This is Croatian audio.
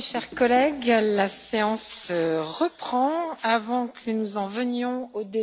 mes chers collègues la séance euh, reprend. avant que nous en venions au débat sur